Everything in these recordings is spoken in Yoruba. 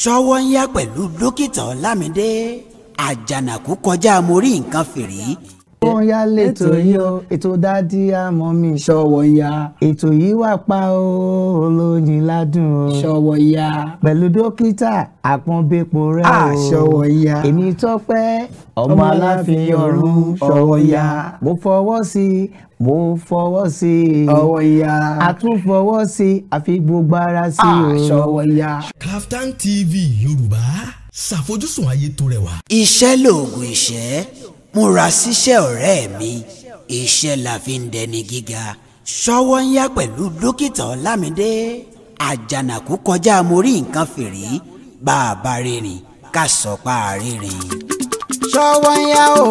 ṣọwọ́ ń yá pẹ̀lú dókítà Ọlámidé àjànàkú kọjá mo nǹkan fìrí wọ́n yá lẹ́tọ̀ yìí o ètò dádì àmọ́ mi. ṣọwọ́ ya. ètò yìí wà pa o olóyin ládùn o. ṣọwọ́ ya. pẹ̀lú dókítà àpọ́nbẹ́pọ̀ rẹ o. Ah, ṣọwọ́ ya. èmi tọ́pẹ́ ọmọ aláàfin ọ̀run ṣọwọ́ ya. mo fọwọ́ sí i mo fọwọ́ sí i. ọwọ́ ya. a tún fọwọ́ sí i àfi gbogbo ara sí i o. Ah, ṣọwọ́ ya. Kaftan TV Yorùbá ṣàfojúsùn ayé tó rẹwà. iṣẹ́ lóògùn ìṣẹ́ múra síṣẹ́ ọ̀rẹ́ mi iṣẹ́ la fi ń dẹni gíga ṣọwọ́ ń yá pẹ̀lú dókítà ọlámídé àjànàkú kọjá mo rí nǹkan fìrí bá a bá rìnrìn ká sọ pa àrírìn. ṣọwọ́ ń yá o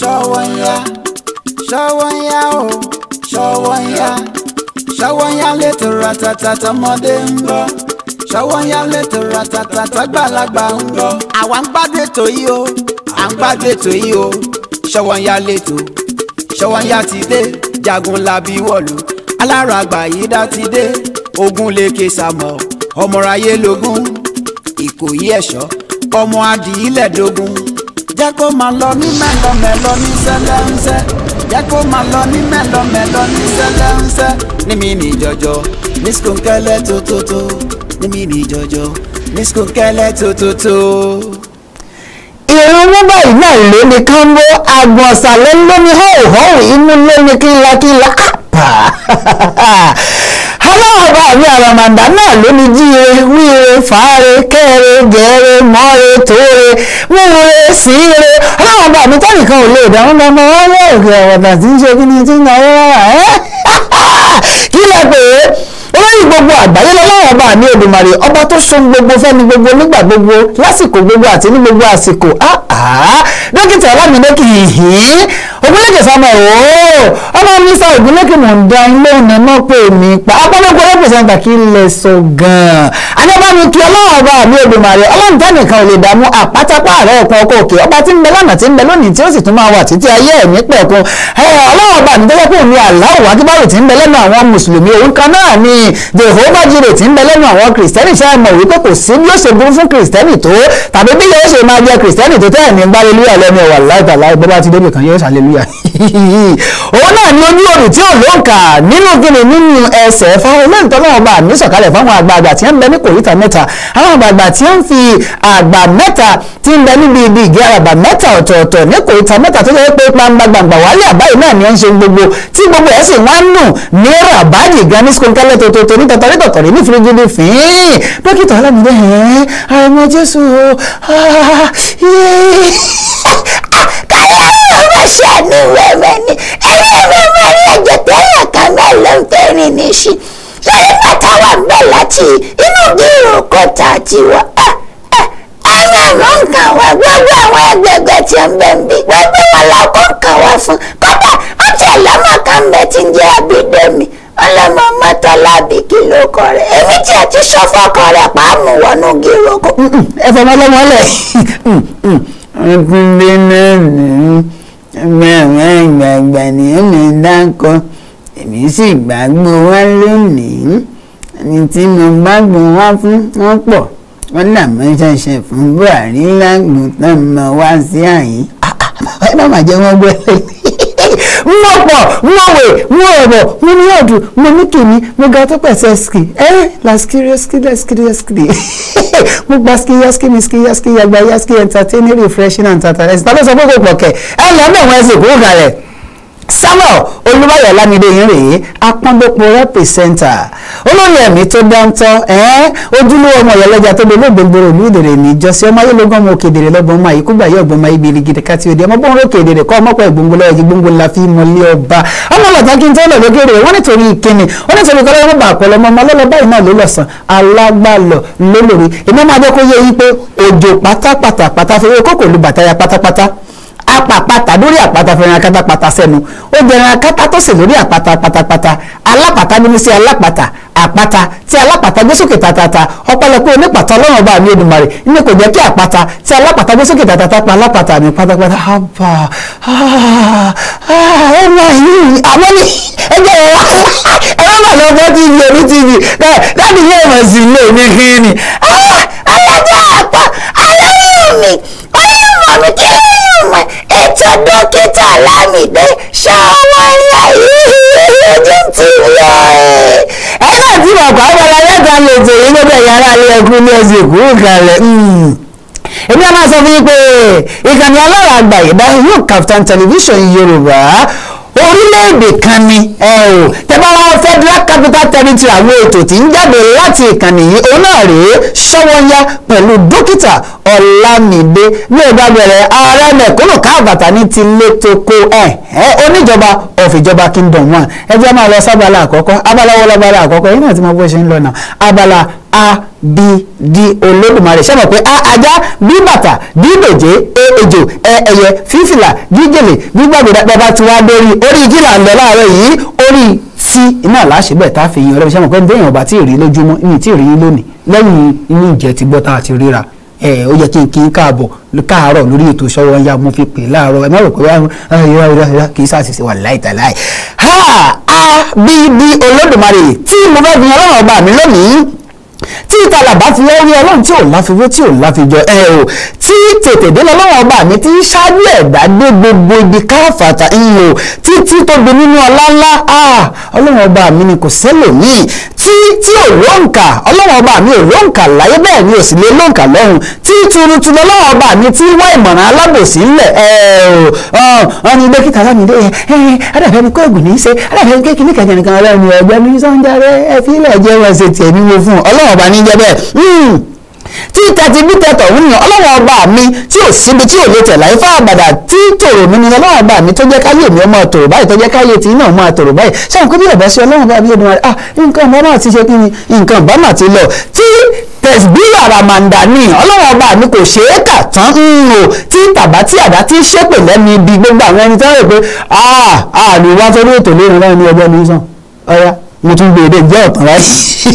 ṣọwọ́ ń yá ṣọwọ́ ń yá o ṣọwọ́ ń yá ṣọwọ́ ń yá létò ratata tọmọdé ń bọ̀ ṣọwọ́ ń yá létò ratata tọgbàlagbà ń bọ̀ àwa ń gbádùn ètò yìí o à ń gbádùn ètò yìí o ṣọwọ́nyá lẹ́tò ṣọwọ́nyá ti dé jagun labi wọ̀lú alára àgbàyídá ti dé ogun lèkè sàmọ̀ ọmọráyé lógún ìkòyí ẹ̀ṣọ́ ọmọ adìyílẹ̀ dógún jẹ́ kó máa lọ ní mẹ́lọmẹ́lọ ní sẹ́lẹ̀ńsẹ́ jẹ́ kó máa lọ ní mẹ́lọmẹ́lọ ní sẹ́lẹ̀ńsẹ́ ní mi ní jọjọ ní skunkẹ́lẹ́ tótótó ní mi ní jọjọ ní skunkẹ́lẹ́ tótótó irúnmú báyìí náà ló ní kánbó agbọ̀nsà ló ń lómi hóòhóò inú ló ní kílakíla àpà aláwọ̀bá mi àràmàǹdà náà ló ní jíire wíire fàáre kẹ́re gẹ̀ẹ́re mọ́re tóore múwúre síire aláwọ̀bá mi tẹ́nìkan ò lè dáhùn dáná wọ́n wọ́n òkè tí ń ṣe kí ni tí ń náwó rárá ẹ́ kí lẹ pè é olórí gbogbo àgbáyé lọ́lọ́run ọba mi Èdùmàrè ọba tó ṣohun gbogbo fẹ́ni gbogbo nígbà gbogbo lásìkò gbogbo àti ní gbogbo àsìkò ah, ah. dókítà ọlámídékì yìí ògúnlẹ̀kẹ̀ sọmọ ooo ọmọ mi sọ ògúnlẹ̀kẹ̀ mọ̀ ń da ilé òun ẹ̀ náà pè mí pa apọ́lọ́gbọ́ rẹ́pẹ̀sẹ̀ntà kí n lè sọ gan-an adébámi kí ọlọ́run ọba mi Èdùmàrè ọlọ́run tẹ́ nìkan ò lè dààmú àpátápá àrẹ ọ̀kan ọkọ̀ òkè ọba tí ń bẹ lánàá tí ń bẹ lónìí tí ó sì tún máa wà títí ayé ẹ̀mí pẹ̀kun ọlọ́run ọba mi tó jẹ́ pé òun ni àláwọ̀ akíbáyò tí ń bẹ lẹ́nu àwọn mùsùlùmí òun kan náà jehova jire tí ń bẹ lẹ́nu àwọn kìrìsìtẹ́nì ṣáà mọ̀ wípé kò sí bí ó ṣe burú fún kìrìsìtẹ́nì tó tàbí bí yóò ṣe máa jẹ kìrìsìtẹ́nì tó tẹ́ẹ̀ ní gbá lélúyà lẹ́nu ọ̀wà láìpẹ́ láì bọ́ bá ti débì kan yóò ṣàlélúyà òun náà ní ojú òrùn tí ò lóǹkà nínú kíni nínú ẹsẹ̀ fáwọn olóǹtọ́ náà bá mi sọ̀kalẹ̀ fáwọn àgbààgbà tí ń bẹ ní kòríta mẹ́ta àwọn àgbààgbà tí ń fi àgbà mẹ́ta tí ń bẹ níbi ibi ìgé àràbà mẹ́ta ọ̀tọ̀ọ̀tọ̀ ní kòríta mẹ́ta tó jẹ́ pé pàǹgbàgbàǹgbà wálé àbáyé náà ni ó ń ṣe gbogbo tí gbogbo ẹ̀ sì wá ń nù ní ràbáyé gan ní skóńkálẹ̀ tó t tòótò ní tọ̀tọ̀ ní tọ̀tọ̀ ní fìrìgìdì fín dókítà alámìdé ẹ̀ẹ́n àrùn jésù kàlẹ́ ọ̀rọ̀ ṣàánú wẹ̀wẹ̀ ni ẹ̀rí ẹ̀rọ ẹ̀rí ẹ̀jẹ̀ tẹ́lẹ̀ kan náà ló ń tẹ́rìn ní sí lórí bàtà wà bẹ́ẹ̀ láti inú gírun kọta tiwa ọlọ́run ń kàn wá gbogbo àwọn ẹgbẹ̀gbẹ̀ tí ń bẹ̀ ń bí gbogbo wọn làwọn kò ń kàn wá fún kódà ó tiẹ̀ lọ́mọ kan bẹ ti ń jẹ́ ọlọmọ mọtọlábì kí ló kọ rẹ èmi tí a ti sọ fọkọ rẹ pa á mú wọnú gírò kó. Mm, mm, ẹ fọmọ lọmọ lẹ. ìpínlẹ̀ náà nìyí mẹ́wàá ìgbàgbà ni èmi dákọ èmi sì gbàgbọ́ wá lónìí ẹni tí mo bá gbọ́ wá fún wọn pọ̀ wọn làmọ́ ṣẹ̀ṣẹ̀ fún Buhari lágbo tán mọ́ wá sí àyín. Ah, ah, ẹ má má jẹ́ wọ́n gbọ́ ẹ lẹ́yìn mo pọ̀ mo wè mo ọ̀rọ̀ mo ní ọ̀dùn mo ní kìíní mo ga tó pẹ̀sẹ̀ ski ẹ́ laskiri skiri skiri skiri mo gba ski yaski mi ski yaski yagba yaski entertaining refreshing and tata ẹ̀sìn tàbí sọ pé kò pọ̀ kẹ̀ ẹ lọ́ọ́ mẹ́wọ́n ẹ̀sìn kò gà rẹ̀ samuel olúbáyọ̀ lámìdé yín rèé apọ́nlọ́pọ̀ rẹ́pẹ̀sẹ̀ntà olórí ẹ̀mí tó dáńtọ́ ojúlówó ọmọ ìyálẹ́jà tó gbogbo gbogbooro ìlú ìdèrè ní ìjọsìn ọmọ ayélujọ́ ọmọ òkèdèrè lọ́gbọ̀n ọmọ àyíkú gbà yẹ ọgbọ̀n ọmọ ibi ìrìgìdì káti òde ọmọ bọ́n rókè èdèrè kọ́ ọmọ pẹ̀lú gbòǹgbò lọ́yọ̀ gbòǹgbò la fi mọ̀lẹ́ ọba ọmọ lọ́tà kí n tó lọ lókèrè wọ́n nítorí ìkíni wọ́n nítorí kọ́lọ́ ọmọ bàá pẹ̀lú ọmọ ọlọ́lọ́ báyìí náà ló lọ̀sán alágbàlọ̀ apàpàtà lórí àpáta fẹ́ràn akátapàtà sẹ́nu ó jẹran akátá tó sì lórí àpáta pátápátá alápàtà níbi sí alápàtà àpáta tí alápàtà gbé sókè tàtàtà ọpẹ́lọpẹ́ onípàtà ọlọ́run ọba mi Èdùmàrè ní kò jẹ́ kí àpáta tí alápàtà gbé sókè tàtàtà pa alápàtà mi pátápátá hàbà ẹ máa yí àwọn ní ẹgbẹ́ ẹ ẹ má lọ bọ́ tv orí tv bẹ́ẹ̀ dáàbì yóò mọ̀ sí ilé mi kí ni ah, alájà àpá aláwọ̀ mi ọlọ́run mi kí ni mo sọ dókítà Lámìdé ṣé ọmọ ìyá yìí ojú ti yọ ẹ. ẹ náà ti mọ̀ pé ọmọ ọlọ́dà lè jẹ èyí ló bẹ̀rẹ̀ yàrá ilé ẹkùn ní ẹsẹ̀ ìkú kalẹ̀ hmm. èmi á máa sọ fún yín pé ìkànnì ọlọ́rọ̀ àgbáyé báyìí yóò Kaftan television Yorùbá orílẹ̀-èdè kan ni ẹ o tẹ́bára federal capital territory àwọn ètò tí ń jáde láti ìkànnì yìí òun náà rèé Ṣówónyá pẹ̀lú dókítà ọlámídé ní ìdábẹ̀rẹ̀ ààrẹ mẹ̀kúnnù káàbàtà ní ti létoko ẹ̀ ẹ́ oníjọba of ìjọba kingdom one ẹ jẹ́ máa lọ sábàlá àkọ́kọ́ abala wọlé abala àkọ́kọ́ yìí náà ti máa bó ṣe ń lọ náà abala a b d olódùmarè ṣé mọ̀ pé a ajá b bàtà d dòjé e ejò ẹ e, ẹyẹ fífìlà d gèlè gbígbàgbé bàbá tí wàá dórí orí gílà ń lọ láàárọ̀ yìí orí tí iná láṣẹ bẹ́ẹ̀ tá a fi yan ọlọ́run ṣé mọ̀ pé bẹ́ẹ̀ yàn ọba tí ì rí lójúmọ́ ní tí ì rí lónìí lẹ́yìn inú ìjẹ́ ti gbọ́ tá a ti ríra ẹ ó yẹ kí n kí n káàbọ̀ káàárọ̀ lórí ètò Sówónyá ya mo fi pè láàárọ̀ ẹ má rò pé wá kì í sàṣìṣe wà láìtàláì ha a bí bí olódùmarè tí mo fẹ́ fi ọlọ́run ọba mi lónìí tí ìtàlàbà fi wọ́n rí ọlọ́run tí ò láfiwé tí ò láfijọ ẹ o tí tètè dé lọ́wọ́ ọba mi tí ṣáájú ẹ̀dá dé gbogbo ibi káfàtà ìyò títí tóbi nínú ọlá ńlá ọlọ́run ọba mi ni kò sẹ́lòmíì tí tí ò lóǹkà ọlọ́run ọba mi ò lóǹkà láyé bẹ́ẹ̀ ni ò sì lè lóǹkà lọ́run tí turutunu ọlọ́run ọba mi tí wá ìmọ̀ràn alábòsí ńlẹ̀ ẹ o wọn ni ilé kíkà lámìdé ẹ ẹ adàfẹ́ ni kó ègùn ní í ṣe adàfẹ́ ni kékeré kẹ̀kẹ́ nìkan ọlọ́run ọgbẹ́ mi sọ́njà rẹ ẹ fi ilẹ̀ jẹ́ wọn ṣe tiẹ̀ ní wo fún ọlọ́run ọba ní jẹ́ bẹ́ẹ̀ hmm. tí tẹ́tí bí tẹ́tọ̀ ń ọlọ́wọ́ ọba mi tí ò síbi tí ò lè tẹ̀ láì fá àbàdà tí tòrò mi ni ọlọ́wọ́ ọba mi tó jẹ́ káyé mi ọmọ tòrò báyìí tó jẹ́ káyé tí náà máa tòrò báyìí ṣáà kó bí ọ̀bá sí ọlọ́wọ́ ọba mi ọdún ah nǹkan ọba náà ti ṣe kí ni nǹkan ọba náà ti lọ tí tẹ̀síbíyà ramanda ni ọlọ́wọ́ ọba mi kò ṣeé kà tán ń hmm, o tí tàbá tí àdá tí ṣépè lẹ́nu ah àlùwá ah, torí ètò lórí náà ní mo tún gbé èdè jẹ́ ọ̀tàn ráì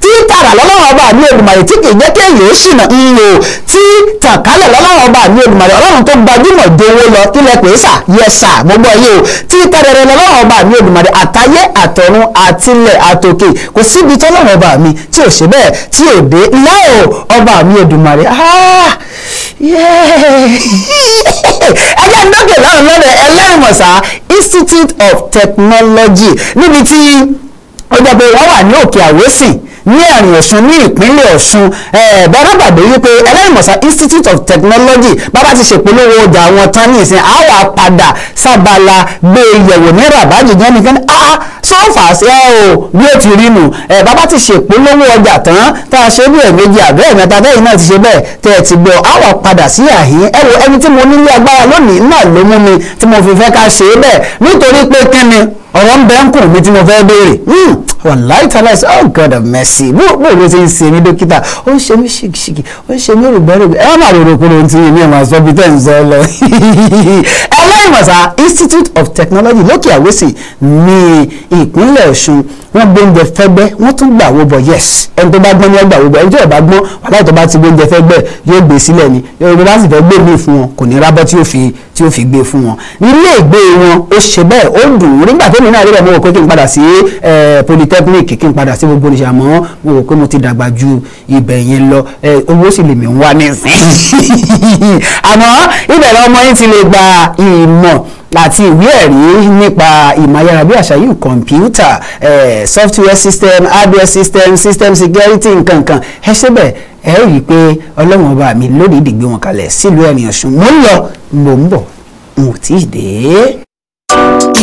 tí tààrà lọ́lọ́wọ́ ọba ní Olùmarè tí kì í jẹ́ kéèyàn ṣìnà ń wò tí tàkálẹ̀ lọ́lọ́wọ́ ọba ní Olùmarè ọlọ́run tó gbajúmọ̀ dowó lọ kílẹ̀ pé sà yẹ sà gbogbo ẹ̀yẹ o tí tàrẹrẹ lọ́lọ́wọ́ ọba ní Olùmarè àtayé àtọ̀run àtilẹ̀ àtòkè kò síbi tọ́lọ́wọ́ ọba mi tí ò ṣe bẹ́ẹ̀ tí ò dé ńlá o ọba mi Olùmarè ah! ẹjẹ́ ń dọ́kẹ̀ lọ́rùn lọ́dọ̀ ẹlẹ́rìnmọ̀sá Institute of Technology níbi tí ọjọ́ pé wọ́n wà ní òkè àwésìn ní àrùn ọ̀sùn ní ìpínlẹ̀ ọ̀sùn bọ́dábàdé wípé ẹlẹ́rìmọ̀sá institute of technology bàbá ti ṣèpolówó ọjà àwọn tán ní ìsìn àwọn àpàdà sábàlá gbé yẹ̀wò ní rabaji jẹ́ ah sọ́ọ̀fà sí ẹ o bí ó ti rí nù ẹ bàbá ti ṣèpolówó ọjà tán tá a ṣe bí ẹ̀ẹ́dẹ́jì àbẹ́ ẹ̀mẹ́ta bẹ́ẹ̀ náà ti ṣe bẹ́ẹ̀ tẹ́ ẹ ti gbọ́ àwọn padà sí àhín ẹ wo ẹni tí mo nílé agbára lónìí náà ló mú mi tí mo fi fẹ́ ká ṣe é bẹ́ẹ̀ nítorí pé kíni ọ̀rọ̀ ń bẹ ń kùn mi tí mo fẹ́ béèrè wàláì tàlà ẹ̀ oh god of mercy bó bó ló ti ń ṣe mí dókítà ó ń ṣe mí ṣìkìṣìkì ó ń ṣe mí rògbòrògbò ẹ má ròrò kúrò ní ti èmi ẹ̀ máa sọ bí tẹ́ ń sọ lọ ẹlẹ́yìn mọ̀sá institute of technology lókè àwòsì ní ìpínlẹ̀ Ọ̀ṣun wọ́n gbóúnjẹ fẹ́gbẹ́ wọ́n tún gbà wó bọ̀ yes ẹni tó bá gbọ́n ni wọ́n gbà wó bọ̀ ẹni tó bá gbọ́n aláìtọ́ bá ti gbóúnjẹ fẹ́gbẹ́ yóò gbé sílẹ̀ ni yorùbá bá sì fẹ́ gbé míì fún wọn kò ní rábọ́ tí ó fi tí ó fi gbé fún wọn. nílé ìgbé wọn ó ṣe bẹ́ẹ̀ ó dùn ún nígbà tó nínú àríwá mo wò pé kí n padà sí eh, polytechnic kí n padà sí gbogbo oníṣẹ́ àmọ́ mo wò pé mo ti dàgbà ju ibẹ̀ yẹn lọ eh, owó sì lè mí wá nísìnyí àmọ́ ìbẹ̀rẹ̀ ọmọ yín ti lè gba ìmọ̀ àti ìwé ẹ̀rí nípa ìmọ̀ ayárabíàṣá yìí kọ̀ǹpútà ẹ̀ẹ́ Eh, software system hardware system system security nkankan ẹ síbẹ̀ ẹ rí i pé ọlọ́run ọba mi lónìí dìgbé wọn kalẹ̀ sílùú ẹ̀rìn ọ̀ṣun mo ń lọ mo ń bọ̀ n ò dé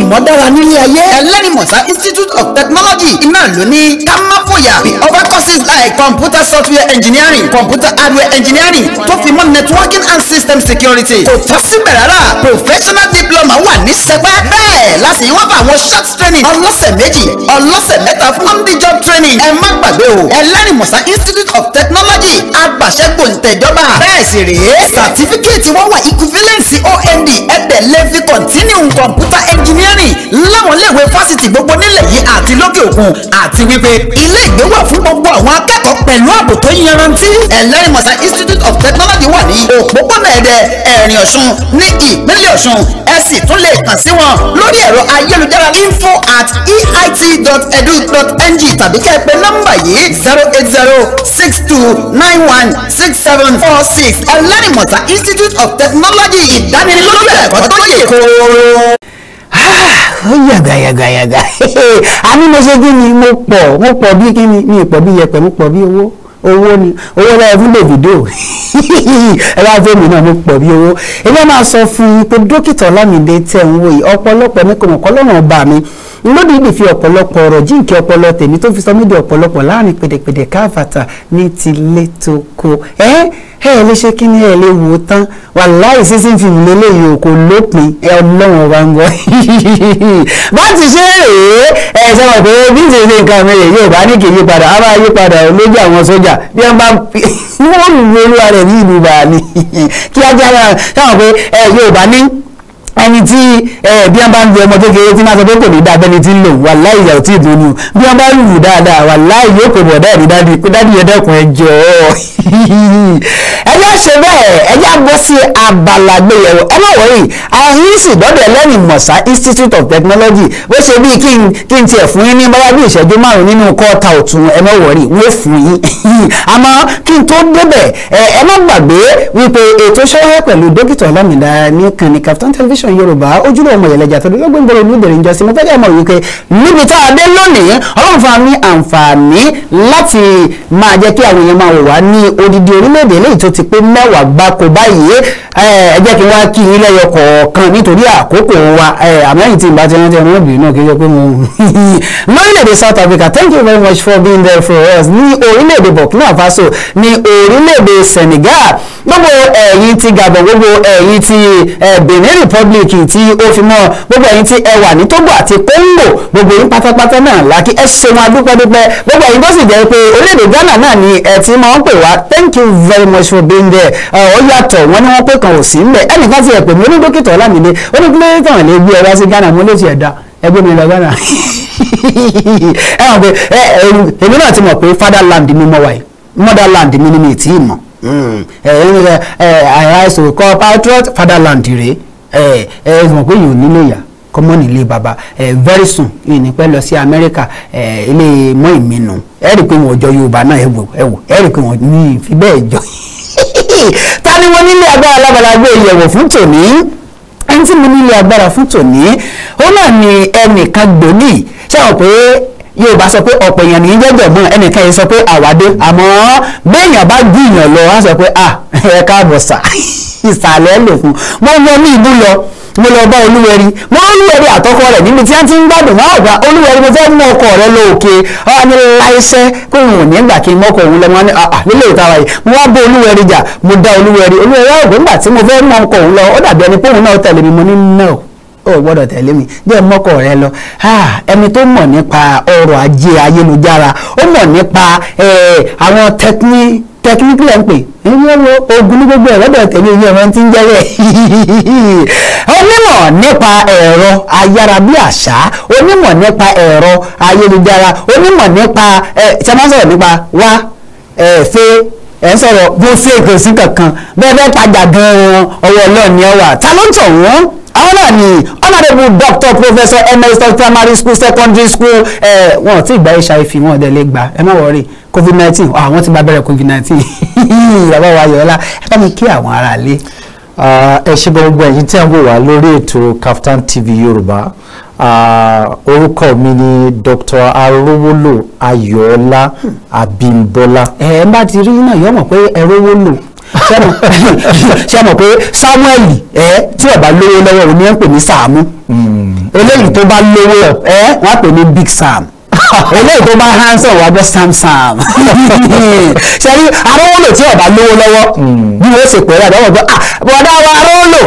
ìmọ̀dára nílé ayé ẹlẹ́rìmọ̀sá institute of technology iná ló ní ká má fòyà we offer courses like computer software engineering computer hardware engineering tó fi mọ́ networking and system security kò tọ́ síbẹ̀ rárá professional diploma wà ní sẹpẹ́ bẹ́ẹ̀ láti wọ́n bá àwọn short training ọlọ́sẹ̀ méjì ọlọ́sẹ̀ mẹ́ta fún on the job training ẹ má gbàgbé o ẹlẹ́rìmọ̀sá institute of technology agbàṣẹ gbòǹtẹ̀jọba bẹ́ẹ̀ sì rèé certificate wọn wà equivalent sí ond ẹ̀tẹ̀lẹ́fi continue computer masters engineering láwọn iléèwé fásitì gbogbo nílẹ̀ yìí àti lókè òkun àti wípé ilé ìgbé wà fún gbogbo àwọn akẹ́kọ̀ọ́ pẹ̀lú ààbò tó yanrantí ẹlẹ́rìmọ̀sá institute of technology wà ní òpópónà ẹ̀dẹ ẹ̀rìn ọ̀ṣun ní ìpínlẹ̀ ọ̀ṣun ẹ sì tún lè kàn sí wọn lórí ẹ̀rọ ayélujára info at eit.edu.ng tàbí kẹ́ ẹ pè nọ́mbà yìí zero eight zero six two nine one six seven four six ẹlẹ́rìmọ̀sá institute of technology ìdánilólùfẹ́ ẹ̀kọ́ tó yẹ kóró ó yàgà yàgà yàgà àní mo ṣe kí ni mo pọ̀ mo pọ̀ bí kí ni mi pọ̀ bí yẹpẹ̀ mo pọ̀ bí owó owó ni owó láyé fún Davido ẹ bá fẹ́ mi náà mo pọ̀ bí owó èmi máa sọ fún yín pé dókítà Ọlámídé tẹ̀ ń wò yìí ọ̀pọ̀lọpọ̀ mi kò mọ̀ kọ́ lọ́rùn ọba mi lóde ìdè fi ọ̀pọ̀lọpọ̀ ọ̀rọ̀ jíǹkì ọpọlọ tèmi tó fi sọ mí di ọ̀pọ̀lọpọ̀ láàrin pèdèpèdè káfàtà ní tilé tó kó ẹ ẹ lè ṣe kí ni ẹ lè wò ó tán wàláì sísìn fi mí léyìí o kò lópin ẹ ọlọ́run wa ń gbọ́ bá ti ṣe rèé ẹ sọ wọn pé bí ṣe ṣe nǹkan mi yóò bá ní kì í yípadà á máa yípadà lójú àwọn sójà bí wọn bá wọn wò olúwa rẹ ní ìlú bàálì kíákíá sáwọn pé ẹ yóò bá ní ẹni tí bí wọn bá ń lu ọmọ kékeré tí wọn sọ pé kò ní dáa bẹ́ẹ̀ ni tí ń lò wàláì ìyà ò tí ì dùn ni o bí wọn bá lù ú dáadáa wàláì yóò pè bọ̀dá ẹ̀ ní dádì kó dádì yẹn dẹ́kun ẹ jọ ọ́ ẹ yá ṣe bẹ́ẹ̀ ẹ yá bọ́ sí abala gbéyẹ̀wò ẹ má wọ̀nyí àhínsì lọ́dọ̀ ẹlẹ́ni mọ̀sá institute of technology bó ṣe bíi kí n kí n tiẹ̀ fún yín ní báyà bí ìṣẹ́jú márùn nínú kọ́ọ̀ta ọ̀tún ẹ má wọ̀nyí wọ́n fún yín àmọ́ kí n tó débẹ̀ ẹ má gbàgbé wípé ètò ṣọ́wọ́ pẹ̀lú dókítà ọlámìdá ní kànní Kaftan television lẹ́nu yorùbá ojúlówó ọmọ ìyẹlẹjà tó dúró gbẹngbẹrẹ olùbẹrẹ ń jọsìn mo fẹ́ kẹ́ mọ̀ wípé níbi tá a dé lónìí ọlọ́run fún mi àǹfààní láti máa jẹ́ kí àwọn èèyàn máa wò ní odidi orílẹ̀-èdè eléyìí tó ti pé mẹ́wàá gbáko báyìí ẹ jẹ́ kí n wá kí yín lẹ́yọ kọ̀ọ̀kan nítorí àkókò wa àmẹ́yìn tí ìbá ti rántí ẹ̀rọ ìbìrì náà kí n jẹ́ pé mo lórílẹ̀-èdè South Africa thank you very much for being there for us ní orílẹ̀-èdè Burkina Faso ní orílẹ̀-èdè Senegal gbogbo ẹ̀yin ti Gabon gbogbo ẹ̀yin ti Benin Republic republic tí ó fi mọ́ gbogbo ẹ̀yin tí ẹ wà ní Togo àti Congo gbogbo yín pátápátá náà lákì ẹ ṣeun adúpẹ́dúpẹ́ gbogbo ẹ̀yin tó sì jẹ́ pé orílẹ̀-èdè Ghana náà ni ẹ ti máa ń pè wá thank you very much for being there ó yàtọ̀ wọ́n ní wọ́n pé kan ò sí ńbẹ̀ ẹnìkan ti ẹ̀ pè mí oní dókítà Ọlámídé oní kílódé tàn lè gbé ẹ wá sí Ghana mo lè ti ẹ̀ dá ẹgbẹ́ mi lọ Ghana ẹ mọ̀ pé èmi náà ti mọ̀ pé fatherland mi mọ̀ wáyé motherland mi ni mi ì tí ì mọ̀ ẹ̀ ẹ̀ ẹ̀ àìsàn kọ́ patriot fatherland rèé ẹ ẹ mọ̀ pé yóò nílé ìyá kọ́mọ́ nílé bàbá ẹ very soon ìní pẹ́ lọ sí Amẹ́ríkà ẹ ilé mọ́ ìmí nù ẹ rí i pé wọn jọ Yorùbá náà ẹ wò ẹ wò ẹ rí i pé wọn ní ìfi bẹ́ẹ̀ jọ ta ni wọn nílé agbára lábalágbé ìyẹ̀wò fún tòní ẹni tí mo nílé agbára fún tòní ó náà ni ẹnìkan gbòógì ṣáà pé yóò bá sọ pé ọ̀pọ̀ èèyàn nìyí jẹ́jọ̀ mọ́ ẹnìkan yìí sọ pé àwádé àmọ́ béèyàn bá gbìyàn lọ wá sọ pé à ẹ káàbọ̀ sà ìsàlẹ̀ lè fún mo wọ ní ìbú lọ mo lọ bá olúwẹ̀rí mo olúwẹ̀rí àtọkọ rẹ̀ níbi tí wọ́n ti ń gbádùn wọn àgbà olúwẹ̀rí mo fẹ́ mú ọkọ rẹ lọ òkè ọ̀hún ni láìsẹ́ pé òun ò ní gbà kí n mọ́kọ òun lọ wọn ni àà nílé ìtara yìí mo wá bá olúwẹ̀rí jà mo dá olúwẹ̀rí olúwẹ̀rí àgbẹ̀ ńgbà tí mo fẹ́ mú ọkọ òun lọ ó dàbí ẹni pé òun náà tẹ̀lé mi mo ní náà o gbọ́dọ̀ tẹ̀lé mi jẹ́ mọ́kọ̀ rẹ lọ ah, ẹni tó mọ̀ nípa ọrọ̀ ajé ayélujára ó mọ̀ nípa àwọn technique tẹkiníkì lẹ́ ń pè ẹ̀yìn ọ̀rọ̀ ogun ní gbogbo ẹ̀rọ bẹ̀rẹ̀ tẹ̀lé iye ọ̀rọ̀ tí ń jẹ́ bẹ́ẹ̀. onímọ̀ nípa ẹ̀rọ ayárabíàṣá onímọ̀ nípa ẹ̀rọ ayélujára onímọ̀ nípa ẹ̀ ṣe máa ń sọ̀rọ̀ nípa wá ẹ̀ fẹ́ ẹ̀ ń sọ̀rọ̀ bí ó fẹ́ èkó sí kankan bẹ́ẹ̀ bẹ́ẹ̀ tajà gan-an ọwọ́ ọlọ́run ni ta ló ń tọ̀ wọ́n àwọn náà ni honourable doctor professor emeritus primary school secondary school wọn ò tí ì gba ẹ̀ṣà ìfì wọn ọ̀dẹ̀ lè gbà ẹ má wọrí covid nineteen àwọn ti bá bẹ̀rẹ̀ covid nineteen ìyàwó wa yọ̀ọ́lá ẹ bá mi kí àwọn ará lé. ẹ ṣe gbogbo ẹ̀yin tí a ń wò wá lórí ètò Kaftan TV Yorùbá orúkọ mi ni Dr. Arówólò Ayọ̀ọ́lá Abímbọ́lá. ẹ ẹ bá ti rí náà yọmọ pé Arówólò ṣe mọ̀ pé Samuel ẹ tí ọba lówó lọ́wọ́ òun ni wọ́n ń pè ní Sàámú hmm. eléyìí tó bá lówó ẹ wọ́n á pè ní Big Sam. eléyìí tó bá hansan wà bọ́ samsam ṣẹ́ni arówólò tí ọba lówó lọ́wọ́ bí wọ́n ṣe pẹ̀lú àdáwọ̀ gbọ́ ah bọ̀dá wa arówólò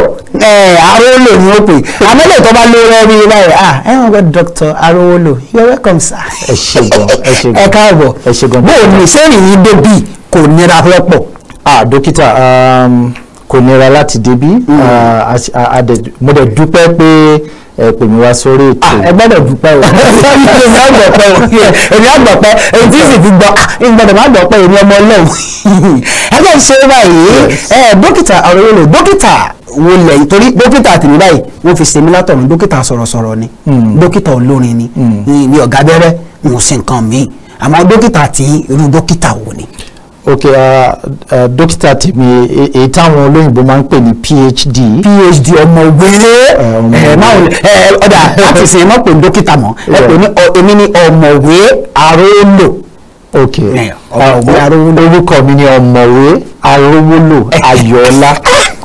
arówólò ni ó pè amẹ́lẹ̀ tó bá lówó lọ́wọ́ bí báyìí ah ẹ wọ́n gbọ́ Dr. arówólò you are welcome sir. ẹ ṣe gan ẹ ṣe gan ẹ káàbọ̀ bóun ní sẹ́yìn yìí débì kò nira lọ́pọ̀. ah dókítà um, kò nira láti débì hmm. mo dẹ̀ dúpẹ́ pé ẹ pè mí wá sórí ètò. ẹ gbọ́dọ̀ dúpẹ́ o èmi àgbọ̀pẹ́ o èmi àgbọ̀pẹ́ èyí tí sì ti gbọ́ ìgbọ̀dọ̀ má gbọ̀pẹ́ èmi ọmọ ọlọ́run ẹgbẹ́ ń ṣe báyìí dókítà ọ̀rọ̀ yẹn lè dókítà wo lẹ̀ torí dókítà tèmi báyìí wọ́n fi sèmi látọ̀ mi dókítà sọ̀rọ̀sọ̀rọ̀ ni hmm. dókítà olórin ni ni hmm. ọ̀gá bẹ́rẹ́ mo sì nǹkan míì àmọ́ dókítà tí irú dókítà wo ni ok uh, uh, dókítà tèmi e, èyí táwọn olóyìnbó máa ń pè ní phd. phd ọmọ wéré eh, ọmọ eh, eh, ọdà láti sèyí mọ̀ pé dókítà mọ̀ ẹ pè ní èmi ni ọ̀mọ̀wé arólò. ok ọ̀mọ̀wé ah, arólò. orúkọ mi ni ọ̀mọ̀wé arówólò ayọ̀ọ́lá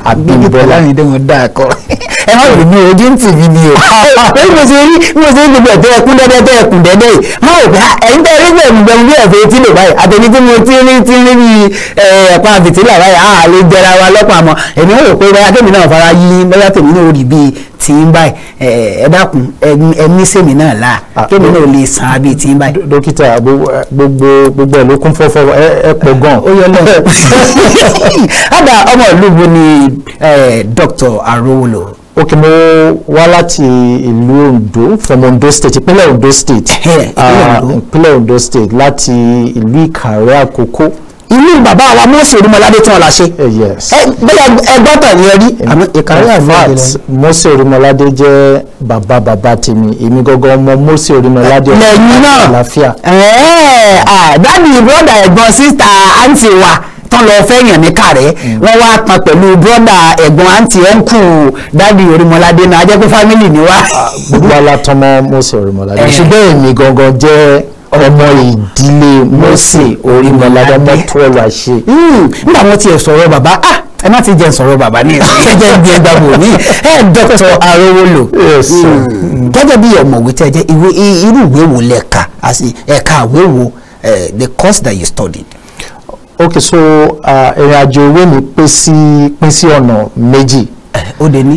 àbí ìbọn láàrin dé dáa kọ ẹ má rò ní ojú ń tì mí ni o ẹ mo ṣe rí mo ṣe rí gbogbo ẹ̀tọ́ ẹkún dẹ́dẹ́ tẹ́ ẹkùn dẹ́dẹ́ yìí má rò pé ẹ̀yin tẹ́ ẹ̀rí gbẹ̀mí gbẹ̀mí bí ẹ̀fẹ́ tí lè báyìí àtẹni tí mo ti rí ti rí bí ẹ̀pá fìtílà báyìí àá lè jẹra wa lọ́pàá mọ́ èmi rò pé báyà tèmi náà fara yí báyà tèmi náà rí bíi tí ń báyìí ẹ dákun ẹ ní sèmi náà la ah, kémi náà lè san abí tí ń báyìí. dókítà gbogbo gbogbo ẹ ló kún fọfọ ẹ pọ̀ gan. ó yẹ lọ ada ọmọ ìlú wo ni Dr. Arowolo. ok mo wá láti ìlú Ondo from Ondo State ìpínlẹ̀ Ondo State ah, ìpínlẹ̀ Ondo State láti ìlú Ìkàrẹ́ Àkókò inú bàbá wa Mósè Olúmọládé tí wọn là ṣe bẹ́ẹ̀ ẹgbọ́n tàn ní ẹrí àmì ìkàrí àfihàn jẹ́ bàbá bàbá tèmi èmi gangan ọmọ Mósè Olúmọládé lẹ́yìn àlàáfíà. Eh, dáàbì bọ́dà ẹ̀gbọ́n sísá àǹtí wa tán lọ fẹ́ yàn ní kàrẹ́ hmm. wọ́n wá pọn pẹ̀lú bọ́dà ẹ̀gbọ́n àǹtí ọ̀nkù dáàbì Olúmọládé náà ajẹ́ pé ni wá. Ah, gbogbo alátọmọ Mósè Olúmọládé eh. ṣùgbọ́n èmi gangan jẹ́ ọmọ ìdílé Mósè Orímọládé Mọ́tòràṣe. Hmm, nígbà wọn tiẹ̀ sọ̀rọ̀ bàbá ah, ẹ má ti jẹ́ sọ̀rọ̀ bàbá ní ẹ jẹ́ gbé gbàgbọ́ ní ẹ dọ́kítọ̀ Arówólò. Hmm, gẹ́gẹ́ bí ọ̀mọ̀wé tẹ́ jẹ́ irú ìwé wo lẹ́ka ẹ̀ka ìwé wo the course that you studied. ok so ìrìn àjò ìwé mi pín sí pín sí ọ̀nà méjì. ó de ní.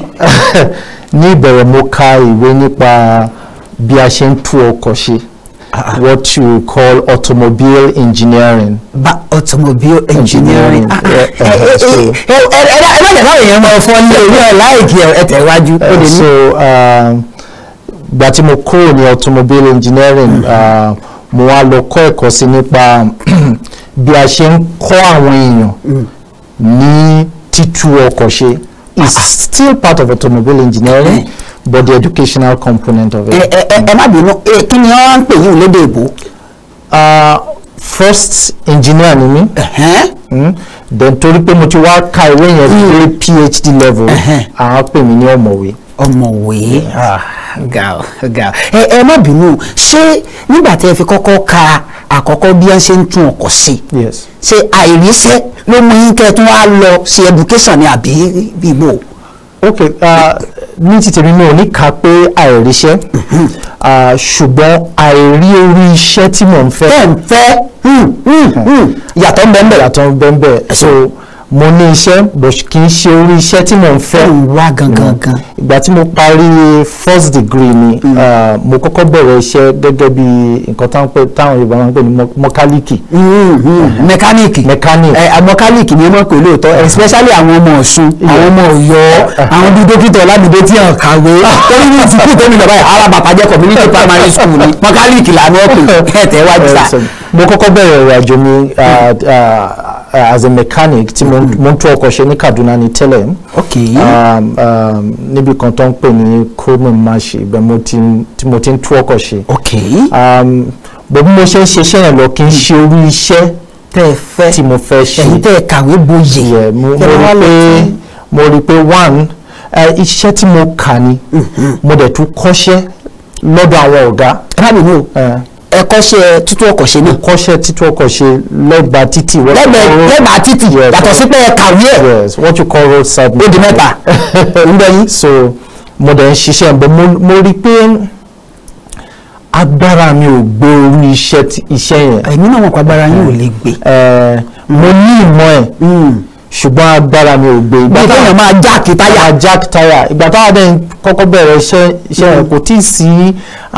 ní ìbẹ̀rẹ̀ mo ka ìwé nípa bí a ṣe ń tú ọkọ̀ ṣe uh, what you call automobile engineering. But automobile engineering. Uh, so ìgbà tí mo kúrò ní automobile engineering mo wá lọ kọ́ ẹ̀kọ́ sí nípa bí a ṣe ń kọ́ àwọn èèyàn ní títú ọkọ̀ ṣe is still part of automobile engineering. Mm -hmm but the educational component of it. ẹ má bínú kí ni wọ́n ń pè yín lédè èbó. Uh, first engineer ni mí. Hmm? then torí pé mo ti wá ka ìwé yẹn dé hmm. phd level àwọn pè mí ní ọ̀mọ̀wé. ọ̀mọ̀wé ah, ga ga ẹ má bínú ṣé nígbà tí ẹ fi kọ́kọ́ ka àkọ́kọ́ bí wọ́n ṣe ń tún ọkọ̀ ṣe ṣe àìríṣẹ́ ló mú yín kẹ́ ẹ tún wá lọ ṣe education ni àbí bíbó ok ní ti tèmi náà ní ká pé àìríṣẹ́ ṣùgbọ́n àìrí orí iṣẹ́ tí mò ń fẹ́. tẹ́ ń fẹ́ hmm, hmm, hmm. yàtọ̀ ń bẹ́ẹ̀ yàtọ̀ ń bẹ́ẹ̀ so mo ní iṣẹ́ but kì í ṣe orí iṣẹ́ tí mò ń fẹ́. ìwà gangan mm. gan. ìgbà tí mo parí first degree ni, mm. mo kọ́kọ́ bẹ̀rẹ̀ iṣẹ́ gẹ́gẹ́ bí nǹkan táwọn Yorùbá máa ń pè ní mọkálíkì. Mm, uh-huh. mẹkáníìkì mọkálíìkì ni wọ́n pè lóòótọ́ uh-huh. especially àwọn ọmọ Ọ̀ṣun àwọn ọmọ Ọ̀yọ́ uh-huh. àwọn bíi dókítà Ọlámídé tí hàn kàwé torí ní ti kú tẹ́mi bàbá yìí ara bàbá jẹ́ community primary school ni mọkálíìkì làwọn ọ̀pẹ̀ ẹ̀ tẹ́wájú ta. mo kọ́kọ́ bẹ̀rẹ̀ ìrìnàjò mi uh, uh, uh, as a mechanic tí mo ń tún ọkọ̀ ṣe ní Kaduna ní tẹ́lẹ̀ um, um, níbi kan tó ń pè ní Chromium Mashi ibẹ̀ tí mo ti ń tún ọkọ̀ ṣe um, bó bí mo ṣe ń ṣiṣẹ́ yẹn lọ kí n ṣe orí iṣẹ́ tí mo fẹ́ ṣe èyí tẹ́ kàwé gboyè mo rí pé one uh, iṣẹ́ tí mo kà ni mm-hmm. mo dẹ̀ tún kọ́ṣẹ́ lọ́dọ̀ àwọn ọ̀gá. ẹ má bínú o uh, ẹ kọ́ṣẹ́ títú ọkọ̀ ṣe náà. kọ́ṣẹ́ títú ọkọ̀ ṣe lẹ́gbàá títì. lẹ́gbàá títì yàtọ̀ sí pé ẹ kàwé ẹ̀. what you call road side. ó di mẹ́ta níbẹ̀ yìí. so mo dẹ̀ ń ṣiṣẹ́ bẹ́ẹ̀ mo rí i pé agbára mi ò gbé orí iṣẹ́ yẹn. ẹ̀yin náà wọ̀n kó agbára yín ò lè gbé. mo ní ìmọ̀ ẹ̀. Hmm ṣùgbọ́n agbára mi ò gbé ìgbà táwọn èèyàn máa jáàkì táyà máa jáàkì táyà ìgbà táwọn dẹ́n kọ́kọ́ bẹ̀rẹ̀ iṣẹ́ iṣẹ́ rẹ̀ kò tí ì sí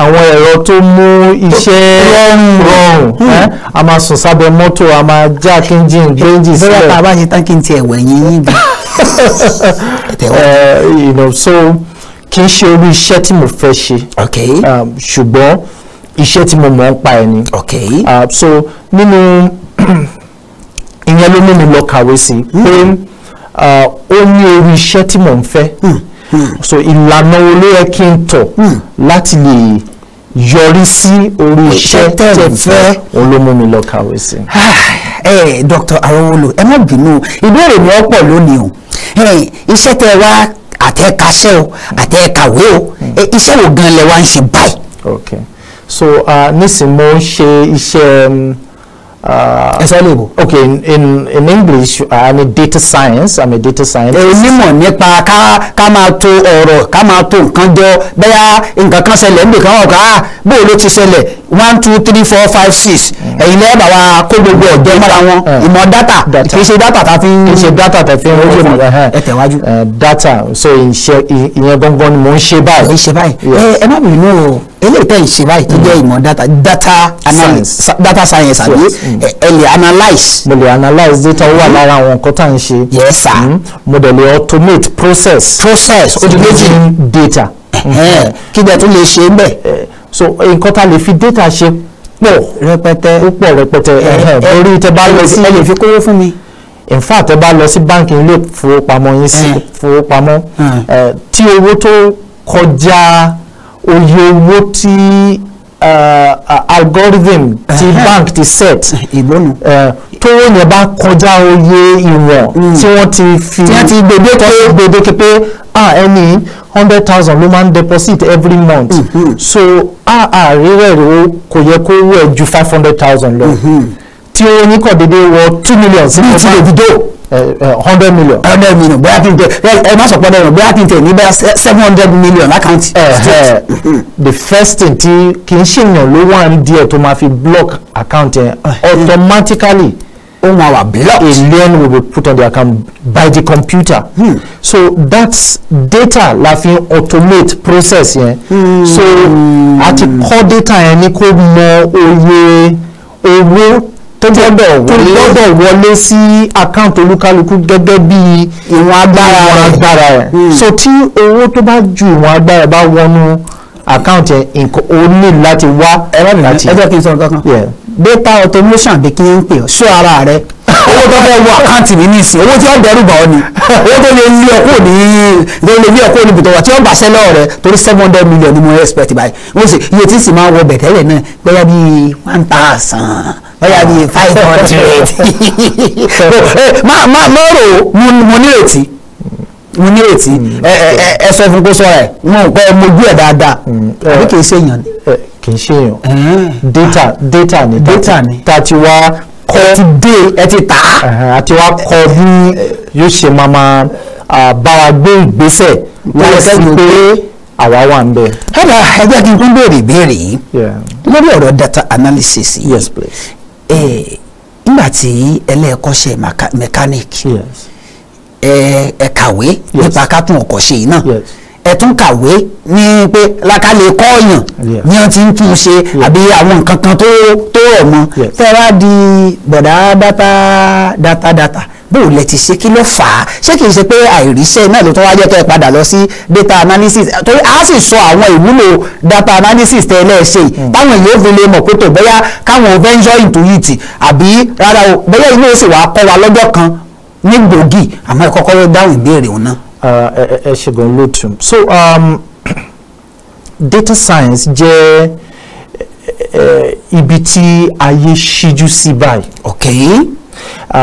àwọn ẹ̀rọ tó mú iṣẹ́ rọrùn hmm. a máa sùn sábẹ́ mọ́tò a máa jáàkì engine gbé sílẹ̀. bẹ́ẹ̀ bá a bá ṣe tán kí n tiẹ̀ wẹ̀yìn yín bí. you know so kì í ṣe orí iṣẹ́ tí mo fẹ́ ṣe um, ṣùgbọ́n iṣẹ́ tí mo mọ̀ ń pa ẹ̀ uh, so nínú ìyẹn ló mú mi lọ kàwé sí pé hmm. ó ní orí iṣẹ́ tí mò ń fẹ́ hmm. Hmm. so ìlànà wo ló yẹ kí n tọ̀ láti lè yọrí sí orí iṣẹ́ tẹ̀ fẹ́ òun ló mú mi lọ kàwé sí. Ah, Dr. Arowolo ẹ má bínú ìbéèrè mi ọ̀pọ̀ lónìí o iṣẹ́ tẹ wá àtẹ̀kaṣẹ́ o àtẹ̀kàwé o iṣẹ́ wo gan lẹ wá ń ṣe báyìí. ok so uh, nísìnyí mo ń ṣe iṣẹ́. Um, Uh, insoluble. okay in, in in english i'm a data science i'm a data scientist. onímọ̀ nípa ká ká máa tò ọ̀rọ̀ ká máa tò nǹkan jọ bẹ́ẹ̀ nǹkan kan ṣẹlẹ̀ níbi kan ọ̀gá bó ló ti ṣẹlẹ̀ one two three four five six hmm. ẹ̀yin lẹ́yìn bá kó gbogbo ọ̀jẹ́ mọ́ra wọn hmm. ìmọ̀ data kì í ṣe data tá fi ń. kì í ṣe data tá fi ń rojú mọ̀ ẹ tẹ̀wájú. Uh, data so ìyẹn gangan ni mò ń ṣe báyìí. ẹ ẹ má bínú o eléyìí tẹ́ ìṣe báyìí tó jẹ́ ìmọ̀ data data analysis data science àbí mm. ẹ lè analyse. mo lè analyse data wà mm-hmm. lára àwọn nǹkan tá à ń ṣe. yes sir. Mm-hmm. mo dẹ̀ lè automate process. process ó data. Mm-hmm. kí ni ẹ tún lè ṣe é bẹ́ẹ̀. Eh, so nǹkan tá lè fi data ṣe pọ̀ rẹpẹtẹ ó pọ̀ rẹpẹtẹ eh, eh, orí tẹ bá lọ sí. ẹ lè fi kówó fún mi in fact ẹ bá lọ sí báńkì ilé ìfowópamọ́ yín sí ìfowópamọ́ tí owó tó kọjá oye owó tí uh, algorithm ti bank ti set uh, tó wọ́n yẹn bá kọjá oye ìwọ̀n hmm. tí wọ́n ti fi gbèdéke pé ẹni hundred thousand ló máa ń deposit every month mm -hmm. so àárẹ̀ rẹ̀ kò yẹ kó wọ̀ ju five hundred thousand lọ hmm, hmm. tí ó ní kàn déédéé wọ two million sí ọba hundred million. hundred million bóyá kí n tẹ ẹ má sọ pé hundred million bóyá kí n tẹ ní bá seven hundred million account. the first thing ti kì í ṣèyàn ló wà ní díẹ̀ tó máa fi block account yẹn ah. automatically ohun our block a loan will be put on the account by the computer. Hmm. so that's data la fi automate process yẹn. Hmm. so a ti kọ́ data yẹn ní kó mọ oye owó tó gbọ́dọ̀ wọlé sí àkáǹtì olúkálukú gẹ́gẹ́ bí ìwọ̀n agbára rẹ̀ hmm. so tí owó tó bá ju ìwọ̀n agbára bá wọnú àkáǹtì ẹ̀ nǹkan ó ní láti wá láti. ẹ jẹ́ kí n sọ nǹkan kan data automation bí kí n pè ọ́ ṣó ara rẹ owó tó fẹ́ wọ àkáǹtì mi nìsín owó tí ó dẹ́rù bà ọ́ ni owó tó lè lé ọkọ ní tó lè lé ọkọ ní bùtọ̀wà tí ó bà ṣẹ́ lọ́wọ́ rẹ torí seven hundred million ni mo expect báyìí wọ́n sì iye tí sì máa wọ bẹ̀tẹ́lẹ̀ náà bóyá bíi one thousand bóyá bíi five hundred eh, má má má rò mo nírètí mo nírètí mm. ẹ sọ fún kó sọ̀rọ̀ mm. ẹ wọn ò pẹ mojú ẹ dáadáa àbí kì í ṣe èèyàn. kì í ṣe èèyàn data ah. data ni data ni ta ti wá kọ ẹ ti dé ẹ ti tà á. a ti wá kọ bí yóò ṣe máa máa bá wa gbé ìgbésẹ̀ láì sí pé àwa wà ń bẹ. ẹ̀rọ ẹgbẹ́ kí n kún béèrè ìbéèrè yìí lórí ọ̀rọ̀ data analysis yìí yes please. Eh, nígbà tí ẹlẹ́ẹ̀kọ́ṣẹ́ mechanic. Yes ẹ kàwé nípa kápùn ọkọ̀ ṣe yìí náà ẹ tún kàwé ní pé lákàlẹ̀ kọ́ọ̀yàn ní wọ́n ti ń tún ṣe àbí àwọn nǹkan kan tó tó rọ̀ mọ́ tẹ́ra di bọ̀dá dátà dátà dátà bóò lẹ ti ṣe kí ló fà á ṣé kìí ṣe pé àìríṣẹ́ náà ló tún wá jẹ́ kẹ́ ẹ padà lọ sí data analysis torí a sì sọ àwọn ìwúlò data analysis tẹ́ ẹ lẹ́ẹ̀ṣe yìí hmm. táwọn èèyàn fi lè mọ̀ pé tó bóyá káwọn venture into àbí rárá o bóyá inú ó sì wàá kọ́ wa lọ́jọ́ kan ní gbòógì àmọ́ ẹ kọ́kọ́ ló dáhùn ìbéèrè òun náà. Uh, ẹ ṣe gan lótú so um, data science jẹ́ uh, ibi tí ayé ṣíjú sí báyìí. ok. Uh,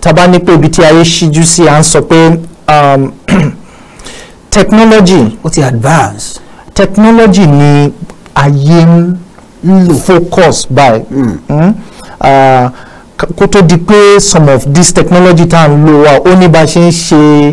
taba ní pé ibi tí ayé ṣíjú sí à ń sọ pé um, technology. ó ti advance. technology ni ayé ń lò focus báyìí. Mm. Mm? Uh, kó tó di pé some of this technology tá à ń lò wá ó ní bá a ṣe ń ṣe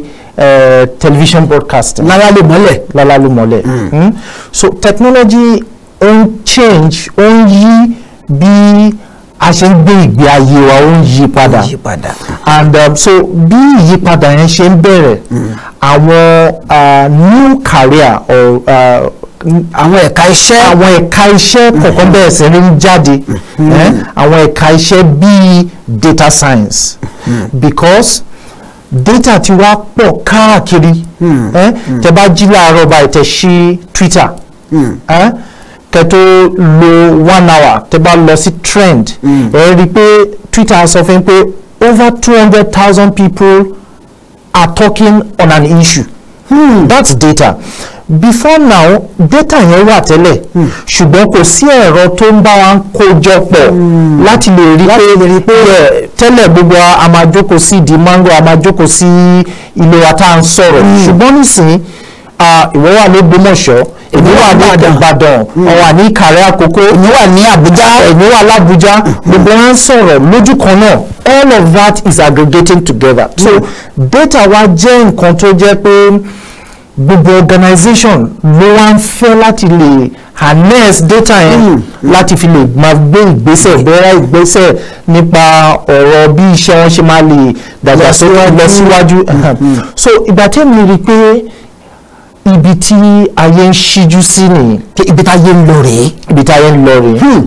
television broadcasting. lára mọ́lẹ̀. lára mọ́lẹ̀. Hmm. Hmm? so technology ó ń change ó ń yí bí a ṣe ń gbé ìgbé ayé wa ó ń yí padà and um, so bí ìyípadà yẹn ṣe ń bẹ̀rẹ̀ hmm. àwọn uh, new career or uh, àwọn ẹ̀ka iṣẹ́ àwọn ẹ̀ka iṣẹ́ kọ̀ọ̀kan mm-hmm. bẹ̀rẹ̀ sí ní jáde mm-hmm. eh? àwọn ẹ̀ka iṣẹ́ bíi data science mm-hmm. because data ti wá pọ̀ káàkiri eh? tẹ́ bá jí láàárọ̀ báyìí tẹ́ ṣí Twitter eh? kẹ́ tó lo one hour tẹ́ bá lọ sí trend ẹ rí i pé Twitter sọ fún mi pé over two hundred thousand people are talking on an issue. Hmm. That's data. Before now, data yẹn wà tẹ́lẹ̀ hmm. ṣùgbọ́n kò sí ẹ̀rọ tó ń bá wa kó jọ pọ̀ hmm. láti lè rí pé tẹ́lẹ̀ gbogbo a máa jókòó sí ìdí mango a máa jókòó sí ilé wa tá à ń sọ̀rọ̀ hmm. ṣùgbọ́n nísìnyí ìwọ wà ní Ògbómọ̀ṣọ́ èmi wà ní Ìbàdàn ọ̀wà hmm. ní Ìkàrẹ́ Àkókò èmi wà ní Àbújá èmi wà l'Àbújá hmm. gbogbo wọn ń sọ̀rọ̀ lójú kan náà all of that is aggregating together hmm. so data wa jẹ́ nǹkan tó jẹ́ pé gbogbo organization ló wá ń fẹ́ láti lè harness data yẹn láti fi lè máa gbé ìgbésẹ̀ bẹ́ẹ̀rẹ̀ ìgbésẹ̀ nípa ọ̀rọ̀ bí iṣẹ́ wọn ṣe máa lè dàgbàsókè lọ síwájú so ìgbà tí rí i pé ibi tí ayé ń ṣíjú sí nìyí. ibi tí ayé ń lọ rèé. ibi tí ayé ń lọ rèé. Hmm.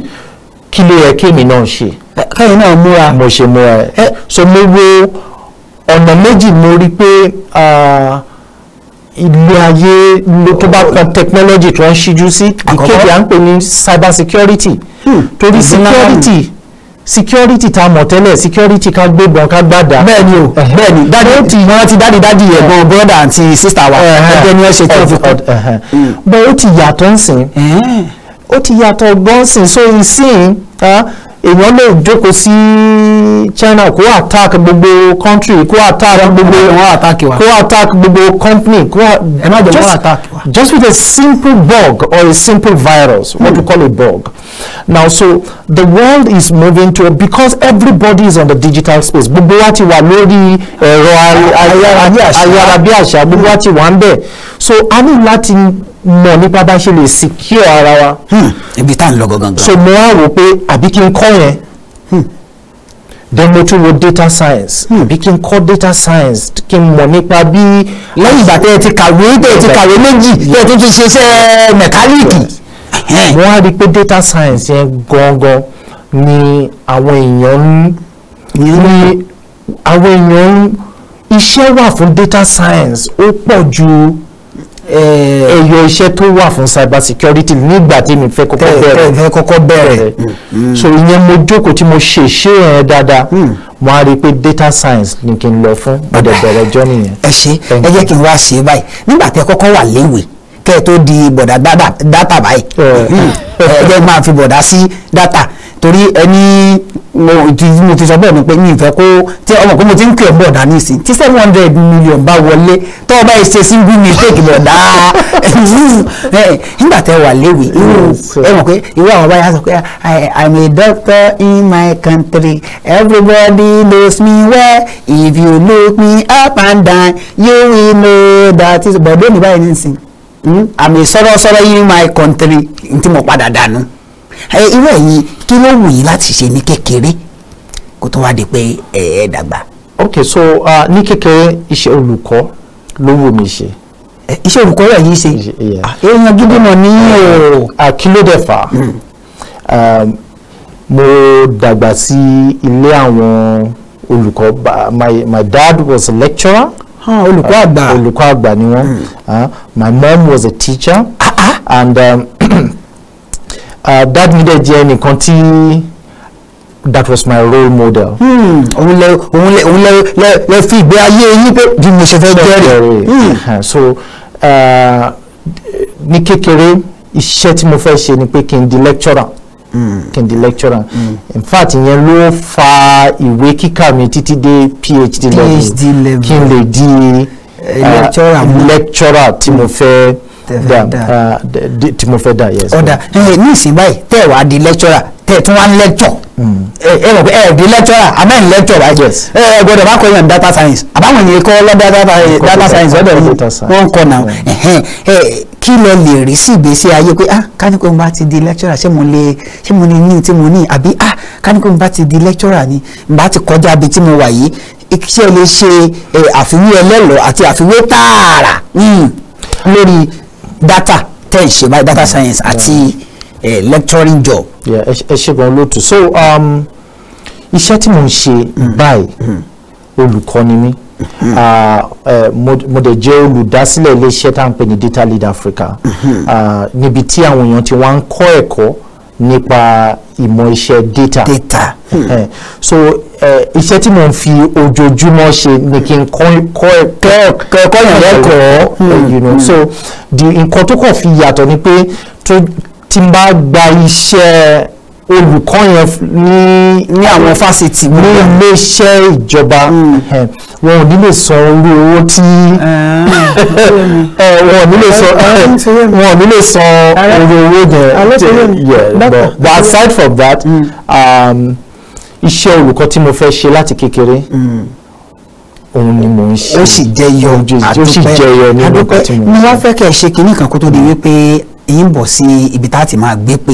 kí ló yẹ kéèmí náà ṣe. káyọ̀ náà múra. mo ṣe múra ẹ̀. so mo wo ọ̀nà méjì mo rí pé ilé ayé tó bá kan technology tó ń ṣíjú sí ìkéde à ń pè ní cyber security. Hmm. torí security. Hmm security ta mọ̀ tẹ́lẹ̀ security ká gbébọn ká gbàdá. bẹ́ẹ̀ni o bẹ́ẹ̀ni dáàdi ti wọn ti dáàdi dáàdi yẹ gan broda àti sista wa ẹgbẹ́ ni wọ́n ṣe tí wọ́n fi kọ́. bẹ́ẹ̀ ó ti yàtọ̀ ń sìn ó ti yàtọ̀ gan sìn so ìsìn èèyàn lè jókòó sí China kó attack gbogbo country kó attack gbogbo wọn attack kó attack gbogbo company kó ẹ má jẹ attack just with a simple bug or a simple virus hmm. what we call a bug now so the world is moving to because everybody is on the digital space gbogbo wa ti wà lórí ẹ̀rọ ayárabíàṣá gbogbo wa ti wà ń bẹ̀ so a ní láti mọ̀ nípa bá ṣe lè secure ara wa. Hmm, ibi tá à ń lọ gangan. so mo wá rò pé àbí kí n kọ́ yẹn hmm. then mo tún wo data science hmm. àbí kí n kọ́ data science kí n mọ̀ nípa bí. lẹ́yìn ìgbà tẹ́ ẹ ti kàwé tẹ́ ẹ ti kàwé méjì tẹ́ ẹ tún ti ṣiṣẹ́ mẹkáníìkì. wọ́n á rí i pé data science yẹn gangan ni àwọn èèyàn ń ní àwọn èèyàn ń iṣẹ́ wà fún data science ó pọ̀ ju Eh, ẹyọ iṣẹ́ tó wà fún cyber security nígbà tí mi fẹ́ kọ́kọ́ bẹ̀rẹ̀ fẹ́ kọ́kọ́ bẹ̀rẹ̀ mm. so ìyẹn mo jókòó tí mo ṣe ṣe yẹn dáadáa mm. mo á rí i pé data science ni kí n lọ fún ọ̀dẹ̀ bẹ̀rẹ̀ journey yẹn. ẹ ṣe ẹ jẹ́ kí n wá ṣe báyìí nígbà tí ẹ kọ́kọ́ wà léwe kẹ́ ẹ tó di bọ̀dá data báyìí ẹ mm. jẹ́ máa fi bọ̀dá sí data torí ẹni mo ti mo ti sọ bẹ́ẹ̀ ni pé mi ìfẹ́ kó tí ọmọ pé mo ti ń kí ẹ̀ bọ̀ dání sí tí seven hundred million bá wọlé tó o bá ṣe single mistake bọ̀ dáa eh, nígbà tẹ wà léwe ẹ mọ̀ pé ìwé àwọn báyà sọ pé I'm a doctor in my country everybody knows me well if you look me up and down you will know that is bọ̀dé mi báyìí ní sìn I am in my country n tí mo padà dànù irú ẹ̀yin kí ló wù yín láti ṣe ní kékeré kó tó wá di pé ẹ̀ ẹ́ dàgbà. ok so uh, ní kékeré iṣẹ́ olùkọ́ ló wù mí ṣe. iṣẹ́ olùkọ́ rẹ̀ yìí ṣe èèyàn gidi mọ̀ ní o. àkílódé hmm. um, mo dàgbà sí ilé àwọn olùkọ́ my my dad was a lecturer. Ah, olùkọ́ àgbà olùkọ́ àgbà ni wọ́n hmm. ah, my mom was a teacher. Ah, ah. and um, dad mi dẹ̀ jẹ́ that was my role model. Hmm, òun lẹ òun lẹ òun lẹ lẹ fi ìgbé ayé yín pé bí mo ṣe fẹ́ jẹ́rìí. Hmm. so ah, ní kékeré iṣẹ́ tí mo fẹ́ ṣe ni pé kí n di lecturer hmm. kí n di lecturer in fact ìyẹn ló fa ìwé kíkà mi títí dé phd level kí n lè di eh, ah, lecturer tí mo fẹ́ tí mo fẹ́ dà yes. ọ̀dà ní ìsìn báyìí tẹ́ ẹ̀ wá di lecturer tẹ́ ẹ̀ tún wá ń lecture hmm. ẹ rò ẹ di lecturer àmọ́ ẹ̀ ń lecture báyìí ẹ ẹ gbọ́dọ̀ bá kọ́ yàn data science àbáwọn yẹn kọ́ lọ́ data science ọ̀dọ̀ yìí wọ́n ń kọ́ náà kí lẹ lè rí sí ìgbésí ayé pé ah káníkó n bá ti di lecturer ṣé mo lè ṣé mo lè ní tí mo ní àbí ah káníkó n bá ti di lecturer ni n bá ti kọjá bí tí mo wà yìí ṣé o data tẹ́ ẹ̀ ṣe báyìí data science àti yeah. uh, lecturing job. ẹ ṣe gan lóòtú so um, iṣẹ́ tí mo ń ṣe mm-hmm. báyìí mm-hmm. olùkọ́ ni mm-hmm. ah, mo dẹ̀ jẹ́ olùdásílẹ̀ iléeṣẹ́ tá à ń pè ní data lead Africa ah, níbi tí àwọn èèyàn ti wá ń kọ́ ẹ̀kọ́ nípa ìmọ̀ iṣẹ́ data. data. Hmm. Eh, so eh, iṣẹ́ tí mo ń fi ojoojúmọ́ ṣe ni kí n kọ́ ẹ̀kọ́ ìrẹ́kọ̀ọ́ eh, hmm. so di nǹkan tó kàn fi yàtọ̀ ni pé tí n bá gba iṣẹ́ olùkọ́ yẹn ní ní àwọn fásitì ní iléeṣẹ́ ìjọba mm. wọn ò ní lè sọ irú owó tí ah, wọn ò ní lè sọ wọn ò ní lè sọ irú owó yẹn but but aside from that mm. um, iṣẹ́ olùkọ́ tí mo fẹ́ ṣe láti kékeré mm. òun ni mò ń ṣe ó sì jẹyọ ó sì jẹyọ nínú nǹkan tí mo ṣe. mo wá fẹ́ kẹ́ ẹ ṣe kinní kan kó tó di wípé èyí ń bọ̀ sí ibi tá a ti máa gbé pè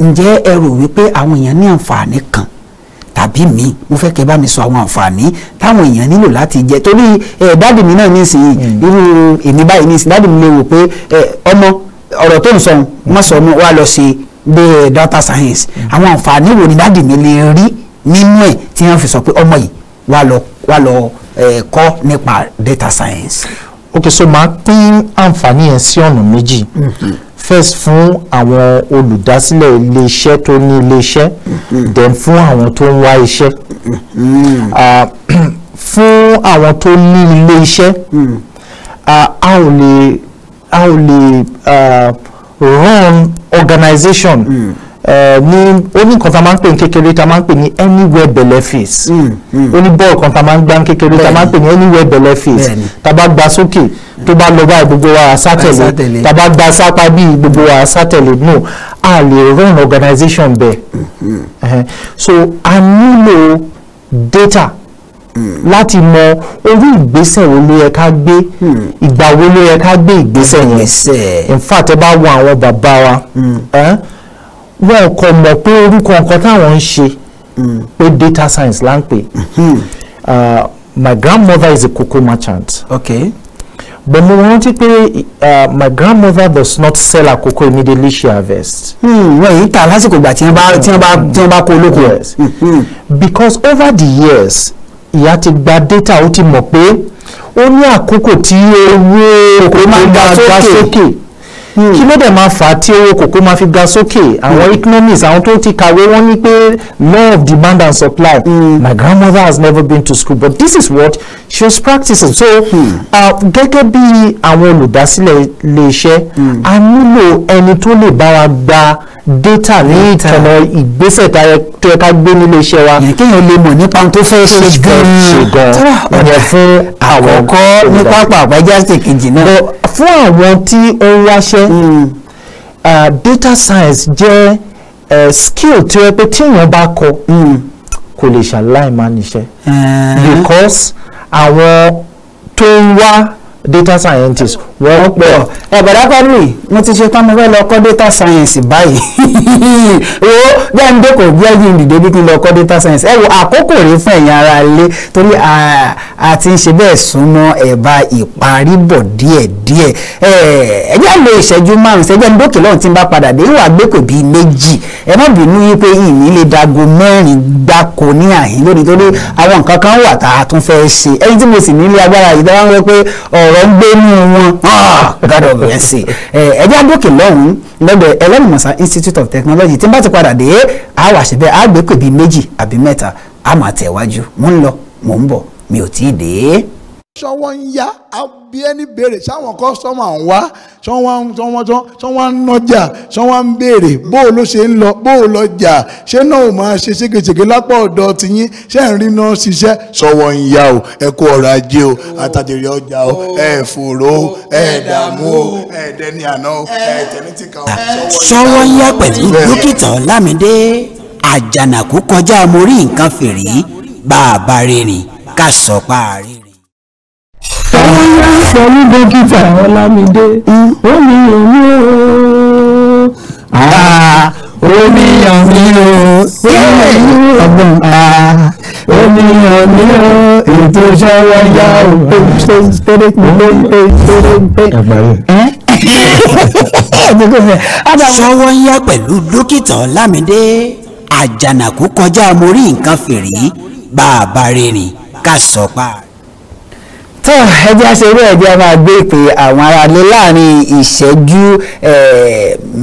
ǹjẹ́ ẹ rò wípé àwọn èèyàn ní àǹfààní kan tàbí mi mo fẹ́ kẹ́ bá mi sọ àwọn àǹfààní táwọn èèyàn nílò láti jẹ torí ẹ dáàdì mi náà nísìnyí hmm. irú èmi báyìí nísìnyí dáàdì mi lè wò pé ọmọ ọ̀rọ̀ tó ń sọ wọn sọ wọn wá lọ ṣe dé e data science hmm. àwọn àǹfààní wo ni dáàdì mi lè rí nínú ẹ̀ tí wọ́n fi sọ pé ọmọ yìí wá lọ wá lọ kọ́ nípa data science. ok so màá pín àǹfààní yẹn sí ọ̀nà méjì. Mm -hmm first fún àwọn olùdásílẹ̀ iléeṣẹ́ tó ní iléeṣẹ́ then fún àwọn tó ń wá iṣẹ́ mm-hmm. ah, fún àwọn tó ní iléeṣẹ́ mm-hmm. ah, a ò lè a ò lè ah, run organization. Mm ní ó ní nǹkan tá a máa ń pè ní kékeré tá a máa ń pè ní anywhere benefits mm, mm. ó ní bọ́ọ̀lù kan tá a máa ń gbá kékeré tá a máa ń pè ní anywhere benefits tá a bá gba sókè tó bá lọ báyìí gbogbo wa sátẹ̀lé tá a bá gba sápá bíi gbogbo wa sátẹ̀lé no a lè run organization bẹ́ẹ̀ mm, so a nílò data láti mọ orí ìgbésẹ̀ wo ló yẹ ká gbé ìgbà wo ló yẹ ká gbé ìgbésẹ̀ yẹn in fact ẹ bá wo àwọn bàbá wa. Mm. Eh? wọn kò mọ̀ pé orúkọ nǹkan táwọn ń ṣe hmm. pé data science là ń pè hmm. uh, my grandmother is a cocoa merchant. okay but mo rántí pé uh, my grandmother does not sell her cocoa immediately she harvests. Hmm. wọ́n yìí ta lásìkò ìgbà tí wọ́n bá uh, tí wọ́n bá tí wọ́n bá kó olóko. yes because over the years ìyá ti gba data ó ti mọ̀ pé ó ní àkókò tí owó kòkó máa ń ga sókè Hmm. kí ló dẹ̀ máa fà á tí owó kòkó máa fi ga sókè àwọn hmm. economists àwọn tó ti kàwé wọ́n ní pé law of demand and supply hmm. my grandmother has never been to school but this is what she was practicing so uh, gẹ́gẹ́ bí àwọn olùdásílẹ̀ iléeṣẹ́ a nílò ẹni tó lè bá wa gba data ní ìtànà ìgbésẹ̀ tó yẹ ká gbé nílé iṣẹ́ wa. yẹn kéèyàn lè mọ̀ nípa tó fẹ́ ṣe gan-an. ṣe gan-an ọ̀nà àwọn olùdásílẹ̀. àkọ́kọ́ ní pápá kejì náà fún àwọn tí ó ń wáṣẹ́ hmm. data science jẹ́ uh, skill tí ó yẹ pé tí èèyàn bá kọ́ hmm. kò lè ṣàlàyé máa níṣẹ́ because àwọn tó ń wá data scientist wọ́n pọ̀ ẹ bọ̀dá Quadri mo ti ṣe tán mo fẹ́ lọ kọ́ data science báyìí o bẹ́ẹ̀ ń bí ẹ̀yìn ìdìde bí kí n lọ kọ́ data science ẹ wo àkókò rèé fún ẹ̀yin ara ilé torí a ti ń ṣe bẹ́ẹ̀ súnmọ́ ẹ̀bá ìparí díẹ̀díẹ̀ ẹ̀jẹ̀ lo ìṣẹ́jú márùn-ún ṣẹ́jẹ́ ní dókè lọ́run tí ń bá padà dé ìwà gbẹ́kọ̀ bíi méjì ẹ má bínú yí pé ìní lè dago mẹ́rin gbáko ní àhín lónìí torí àwọn nǹkan kan wà tá a tún fẹ́ ṣe ẹni tí mo sì nílé agbára yìí dáwọ́ pé ọ̀rọ̀ ń gbénú wọn Ah, god of mercy ẹjẹ adókè lọ́hùn-ún lọ́dọ̀ ẹlẹ́nìmọ̀sán institute of technology tí n bá ti padà dé àwọn àṣẹbẹ́ àgbẹ̀kọ̀ bíi méjì àbí mẹ́ta àmọ̀ àtẹ̀wájú mò ń lọ mò ń bọ̀ mi ò tí ì dé sọ́wọ́ ń yá bí ẹni béèrè sáwọn kọ́sọ́mù àwọn wá sọ́wọ́n ń nọjà sọ́wọ́n ń béèrè bóò ló ṣe ń lọ bóò lọ jà ṣé náà ò máa ṣe ségesège lápá ọ̀dọ̀ tiyín ṣé ń rí náà ṣiṣẹ́ sọ́wọ́ ń yá o ẹ kó ọrọ̀ ajé o oh. àtàjèrè ọjà o oh. ẹ fòrò o oh. ẹ dààmú o ẹ dẹni àná o eh. ẹ tẹ̀lẹ́tìkà o. sọ́wọ́ eh. ń yá pẹ̀lú dókítà Ọlámídé àjànàkú kọjá mo nǹkan fèrè bàbá rẹ̀ rìn ká sọ páàrí sọ ní dókítà Ọlámídé ó ní èmi o omi yàn mí o ọgbọ́n omi yàn mí o ètò ìṣọwọ́ yá o. sọwọ́ yá pẹ̀lú dókítà Ọlámídé àjànàkú kọjá mo nǹkan fìrí bàbá rẹ̀ rìn ká sọ pa tó ẹjẹ́ aṣerú ẹjẹ́ máa gbé ìpè àwọn aráalé láàrin ìṣẹ́jú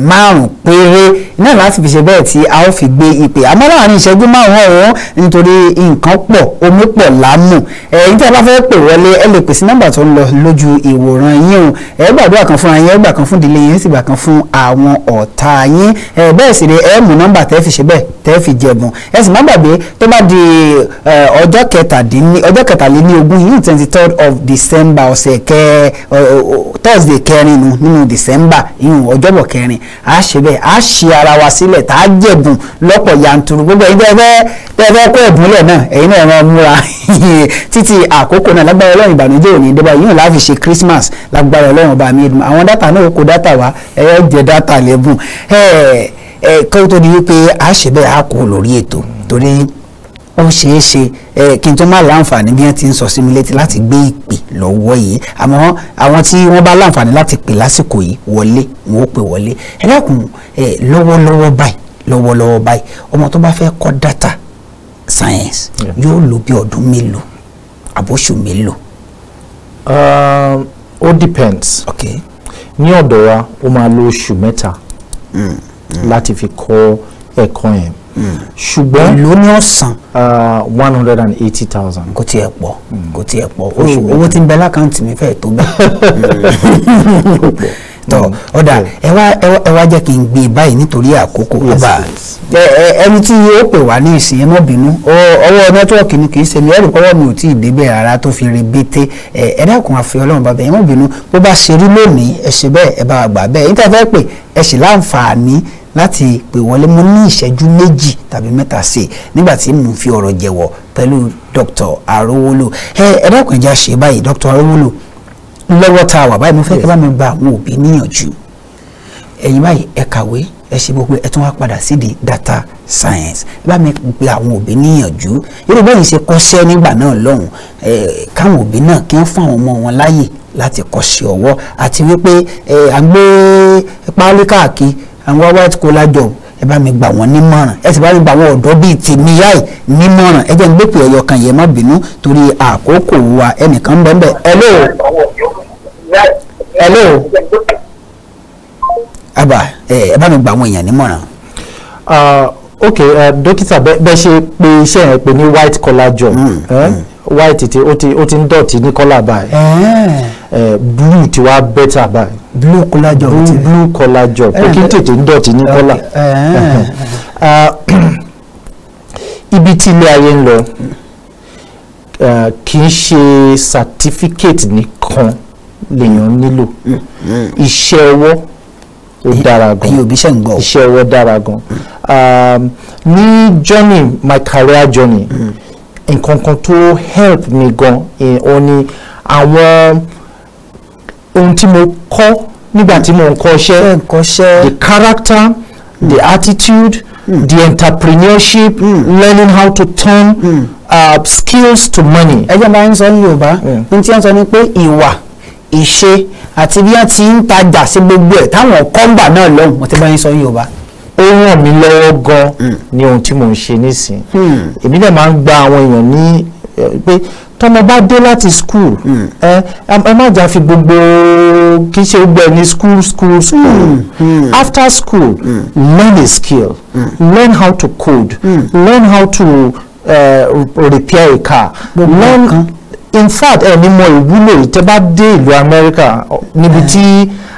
márùn-ún péré náà láti fi ṣe bẹ́ẹ̀ tí a ó fi gbé ìpè àmọ́ láàrin ìṣẹ́jú márùn-ún ọ̀hún nítorí nǹkan pọ̀ omi pọ̀ láàmú èyí tí a bá fẹ́ pè wọlé ẹ lè pèsè nọ́mbà tó ń lọ lójú ìwòran yín o ẹ gbàdúrà kan fúnra yín ẹ gbà kan fún ìdílé yín sì gbà kan fún àwọn ọ̀tá yín ẹ bẹ́ẹ̀ sì rè ẹ mú nọ́mbà tẹ́ fi ṣe bẹ́ẹ̀ tẹ́ fi jẹ̀bùn ẹ sì má gbàgbé tó bá di ọjọ́ kẹtàléní ogún yìí of december ọ̀sẹ̀ kẹ thursday kẹrin nínú december ìhùn ọjọ́bọ̀ kẹrin a ṣe bẹ́ẹ̀ a ara wa sílẹ̀ tá a jẹ̀bùn lọ́pọ̀ yanturu gbogbo ẹ̀yin tẹ́fẹ́ tẹ́fẹ́ kó ẹ̀bùnlẹ̀ náà ẹ̀yin náà máa múra títí àkókò náà lágbára ọlọ́run ìbànújẹ́ òní ìdẹ́bà yìí láàfi ṣe Christmas lágbára ọlọ́run ọba mi ẹ̀dùn àwọn dátà náà kó dátà wá ẹ̀yọ́ jẹ dátà lẹ́bùn ẹ̀ẹ́ kó tó wípé a ṣe bẹ́ẹ̀ a kò lórí ètò torí ó ṣeé ṣe ẹ kí n tó má láǹfààní bí wọ́n ti ń sọ sí mi létí láti gbé ìpè lọ́wọ́ yìí àmọ́ àwọn tí wọ́n bá láǹfààní láti pè lásìkò yìí wọlé wọn ó pè wọlé ẹ ẹ lọ́wọ́lọ́wọ́ báyìí lọ́wọ́lọ́wọ́ báyìí ọmọ tó bá fẹ́ kọ́ data science yóò lò bí ọdún mélòó àbóṣù mélòó. Um, ó depends okay. ní ọ̀dọ̀ wa ó máa lo oṣù mẹ́ta hmm, hmm. láti fi kọ́ ẹ̀kọ́ yẹn ṣùgbọ́n èló ni ó san. Ah, one hundred and eighty thousand. kò tiẹ̀ pọ̀ kò hmm. tiẹ̀ pọ̀ owó tí ń bẹ lákàntì mi fẹ́ẹ̀ tó bẹ́ẹ̀. tọ mm. ọdà mm. ẹ wá jẹ́ kí n gbé e báyìí nítorí àkókò ọba ẹni tí yóò pè wá ní ìsìn ẹ bínú ọwọ́ nẹ́tíwọ̀kì ni kì í ṣe mi ẹ̀rù pọ́wọ́ mi ò tí ì débẹ̀ rárá tó fi rebete ẹ dákun àfi ọlọ́run bàbá ẹ má bínú bó bá ṣe rí lónìí ẹ ṣe bẹ́ẹ̀ ẹ bá wa gbà bẹ́ẹ̀ níta fẹ́ pè ẹ sì láǹfààní láti pè wọlé mo ní ìṣẹ́jú méjì tàbí mẹ́ta sí i nígbà tí mo fi ọ̀rọ̀ jẹ̀wọ̀ pẹ̀lú Dr. Arówólò ẹ ẹ dákun ẹ báyìí Dr. Arówólò lọ́wọ́ tá a wà báyìí mo fẹ́ kí bá mi gba àwọn òbí níyànjú ẹ̀yin báyìí ẹ kàwé ẹ ṣe gbogbo ẹ tún wá padà sídìí data science bá mi gba àwọn òbí níyànjú irú bẹ́yìn ṣe kọ́ṣẹ́ nígbà náà lọ́hùn káwọn òbí náà kí wọ́n fún àwọn ọmọ wọn láàyè láti kọ́ṣẹ́ ọwọ́ àti wípé à ń gbé páálí káàkiri àwọn white collar job ẹ bá mi gbà wọ́n nímọ̀ràn ẹ sì bá mi gbà wọ́n ọ̀dọ́ bíi tèmi yáì nímọ̀ràn ẹ jẹ́ ń gbé pè ọyọ kan yẹn má bínú torí àkókò wa ẹnìkan bẹ́ẹ̀ bẹ́ẹ̀ ẹ lóò hello. aba ẹ bá mi gba àwọn èèyàn nímọ̀ràn. Ah, ok eh, dókítà bẹ́ẹ̀ ṣe pé iṣẹ́ yẹn pé ní white collar job hmm, eh? hmm. white ti o ti o ti ń dọ̀tí ní collar báyìí eh. blue ti wá better báyìí blue collar job blue, blue collar job kò kí n tètè ń dọ̀tí ní collar ibi tí ilé ayé ń lọ kì í ṣe certificate nìkan lèèyàn nílò mm, mm. iṣẹ́ ọwọ́ ó dára gan iṣẹ́ ọwọ́ dára gan um, ní journey my career journey mm. nǹkan kan tó help mi gan ó eh, ní àwọn ohun tí mo kọ́ nígbà tí mo ń kọ́ṣẹ́ the character the attitude the entrepreneurship learning how to turn uh, skills to money. ẹ jẹ́ bá ń sọ ní Yorùbá ní tí wọ́n sọ ni pé ìwà ìṣe àti bí wọ́n ti ń tajà sí gbogbo ẹ̀ táwọn kọ́ńgbà náà lọ́hùn mo ti bá yín sọ yín o bá ó ràn mí lọ́wọ́ gan hmm. ní ohun tí mò ń ṣe nísìn hmm. èmi náà máa ń gba àwọn èèyàn ní eh, pé tọmọ bá dé láti school hmm. ẹ má jà fi gbogbo kì ṣe gbogbo ẹ ní school school school after school mm. learn a skill mm. learn how to code mm. learn how to uh, repair a car. Gbogbo learn, kan in fact ẹ ní mọ ìwúlò ìtẹ́ bá dé ìlú Amẹ́ríkà níbi tí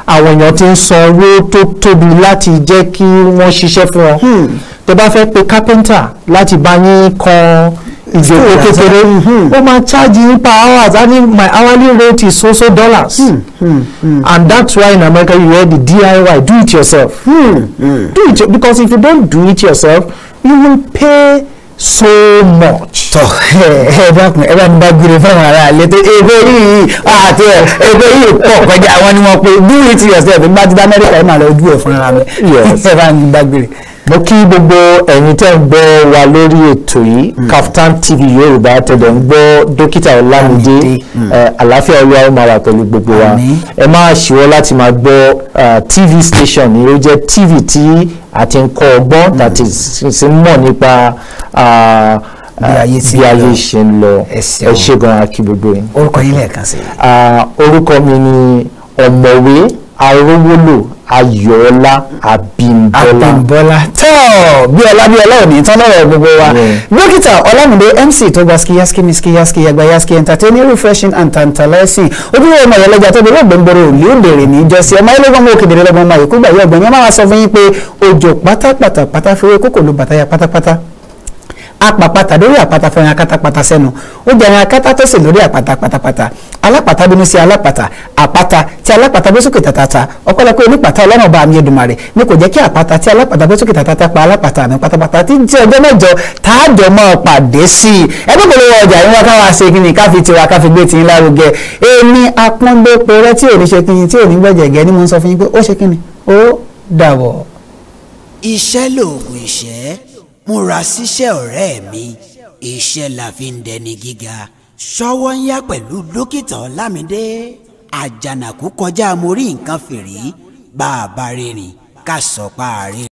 àwọn èèyàn ti ń san owó tó tóbi láti jẹ́ kí wọ́n ṣiṣẹ́ fún wọn hmm. tẹ́ bá fẹ́ pe carpenter láti bá yín kan ìjókòó kékeré ó hmm, hmm. máa charge yín per hours i mean my hourly rate is so so dollars Hmm. Hmm. and that's why in America you hear the DIY do it yourself hmm. Hmm. do it because if you don't do it yourself you will pay so much. tọ ẹ dákun ẹ bá ń bá gbére fún àwọn ará ilé tó ebe yìí àti ebe yìí pọ̀ kọjá àwọn ni wọ́n pe do it yourself bá ti dá amẹ́ríkà yìí máa lọ ojú ẹ̀ fúnra mi ẹ bá ń bá gbére mo kí gbogbo ẹ̀yin tẹ́ ń gbọ́ wa lórí ètò yìí hmm. Kaftan TV Yorùbá tẹ̀dẹ̀ ń gbọ́ dókítà Ọlámidé eh, hmm. àlàáfíà olúwa ó máa wà gbogbo wa ẹ máa ṣíwọ́ láti máa gbọ́ eh, TV station ni ó jẹ́ TV tí a ti ń kọ́ ọgbọ́n hmm. tàti sì ń mọ̀ nípa ah, bí ayé ah, ṣe ń lọ ẹ ṣé gan akí gbogbo yín. orúkọ yín lẹ́ẹ̀kan sí ah, orúkọ mi ni ọ̀mọ̀wé arówólò ayọ̀ọ́lá abímbọ́lá. abímbọ́lá tọ́ bí ọlá bí ọlá ò ní tán lọ́rọ̀ gbogbo wa. Mm. dókítà ọlámídé mc tó gba skiyaski miskiyaski yaski. entertaining refreshing and tantalizing ojúwèé ọmọ ìyẹlẹjà tó bẹ̀rẹ̀ ògbóǹgbòrò òlì òǹdèrè ní ìjọsí ọmọ ẹlẹ́gbọ́n mọ òkèdèrè lọ́gbọ́n ọmọ ìkúgbà yẹ ọgbọ̀n yẹn máa sọ fún yín pé òjò pátápátá pátáfẹ́wé kókò ló bàtáyà pátápátá apàpàtà lórí àpàtà fẹ́ràn akátá pàtà sẹ́nu ó jẹran akátá tó sì lórí àpàtà pàtàpàtà alápàtà bínú sí alápàtà àpàtà tí alápàtà bó sókè tàtàtà ọpẹ́lọpẹ́ onípàtà ọlọ́run bá mi Èdùmàrè ni kò jẹ́ kí àpàtà tí alápàtà bó sókè tàtàtà pa alápàtà mi pátápátá tí jẹ́ ọjọ́ mẹ́jọ tá a jọ máa pàdé sí i ẹgbẹ́ kò lè wọ ọjà yín wá káwá ṣe kí ni ká fi tiwa ká fi gbé ti lárugẹ èmi apọ́ngbé tí ò ní ṣe kí ni tí ò ní gbẹ̀jẹ̀gẹ́ ni mo ń sọ fún yín pé ó ṣe kí ni ó dàbọ̀. iṣẹ́ lòògùn ìṣẹ́ múra síṣẹ́ ọ̀rẹ́ mi iṣẹ́ la fi ń dẹni gíga ṣọwọ́ ń yá pẹ̀lú dókítà ọlámídé àjànàkú kọjá mo rí nǹkan fìrí bá rìnrìn ká sọ pa àárẹ̀.